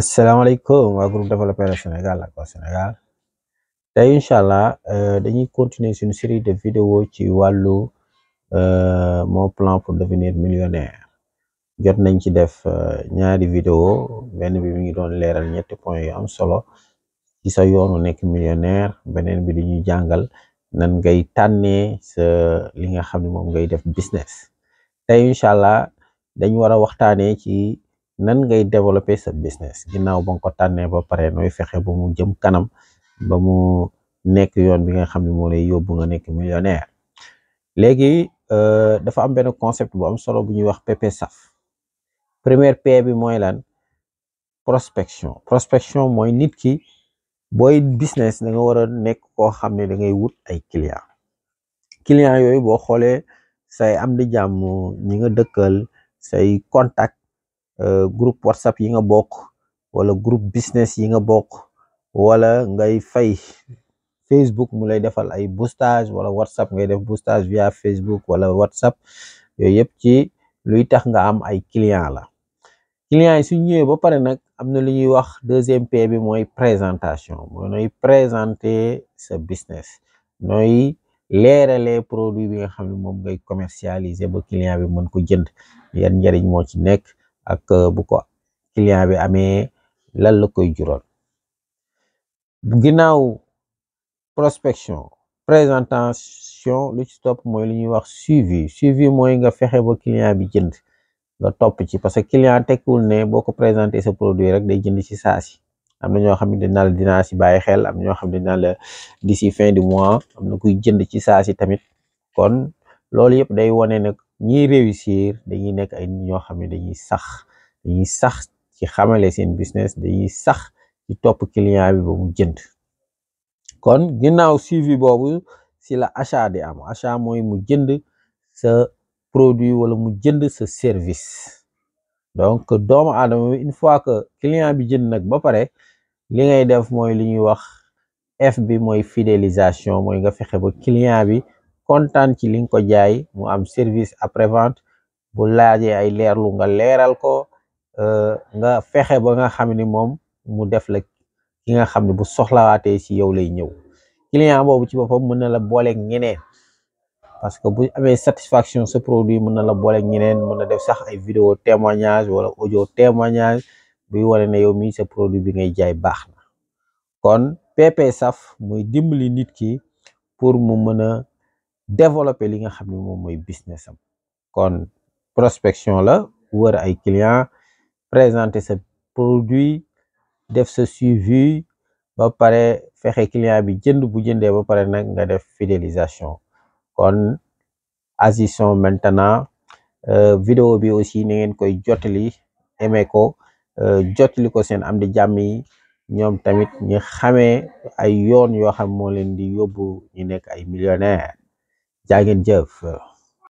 asalaamaaleykum waa groupe développeur Sénégal ak waa Sénégal tey incha allah eh, dañuy continuer suñu série de vidéo ci wàllu eh, mon plan pour devenir millionnaire jot nañ ci def ñaari eh, vidéo benn bi mi ngi doon leeral ñetti points yu am solo ci sa yoonu nekk millionnaire beneen bi dañuy jàngal nan ngay tànnee sa li nga xam ne moom ngay def business tey incha allah dañ war a waxtaanee ci. nan ngay développer sa business ginnaaw ba ko tànnee ba pare nooy fexe ba mu jëm kanam ba mu nekk yoon bi nga xam ne moo lay yóbbu nga nekk millionnaire léegi euh, dafa am benn concept bu am solo bu ñuy wax PPSAF première P bi mooy lan prospection prospection mooy nit ki booy business da nga war a nekk koo xam ne da ngay wut ay client client yooyu boo xoolee say am di jàmm ñi nga dëkkal say contact Euh, groupe whatsapp yi nga bokk wala groupe business yi nga bokk wala ngay fay facebook mu lay defal ay boostage wala whatsapp ngay def boostage via facebook wala whatsapp yooyu yëpp ci luy tax nga am ay client la client yi su ñëwee ba pare nag am na lu ñuy wax deuxième P bi mooy présentation mooy présenter sa business nooy leeralee produit bi nga xam ne moom ngay commercialiser ba client bi mën ko jënd yan njëriñ moo ci nekk ak euh, bu ko client bi amee lan la koy jural ginnaaw prospection présentation lu ci topp mooy lu ñuy wax suivi suivi mooy nga fexe ba client bi jënd nga topp ci parce que client tekkiwul ne boo ko présenté sa produit rek day jënd ci saa si am na ñoo xam ne dina la dinaa si bàyyi xel am na ñoo xam ne dina la d'ici fin du mois am na kuy jënd ci saa si tamit kon loolu yëpp day wane ñiy réussir dañuy nekk ay nit ñoo xam ne dañuy sax dañuy sax ci xamale seen business dañuy sax ci topp client bi ba mu jënd kon ginnaaw suivi boobu si la achat di am achat mooy mu jënd sa produit wala mu jënd sa service donc doomu adama bi une fois que client bi jënd nag ba pare li ngay def mooy li ñuy wax F bi mooy fidélisation mooy nga fexe ba client bi kontaan ci li nga ko jaay mu am service après vente bu laajee ay leerlu nga leeral ko euh, nga fexe ba nga xam ni moom mu def la ki nga xam ne bu soxlawaatee si yow lay ñëw client boobu ci boppam mën na la booleeg ñeneen parce que bu amee satisfaction sa produit mën na la booleeg ñeneen mën na def sax ay vidéo témoignage wala ojo témoignage bu wane ne yow mii sa produit bi ngay jaay baax na kon PP SAF muy dimbali nit ki pour mu mën développer li nga xam ne moom mooy business sam kon prospection la wër ay client présenter sa produit def sa suivi ba pare fexe client bi jënd bu jëndee ba pare nag nga def fidélisation kon agissons maintenant euh, vidéo bi aussi na ngeen koy jotali aimé ko euh, jotali ko seen am di jàmm ñoom tamit ñu xamee ay yoon yoo xam moo leen di yóbbu ñu nekk ay millionnaire jaa ngeen jëf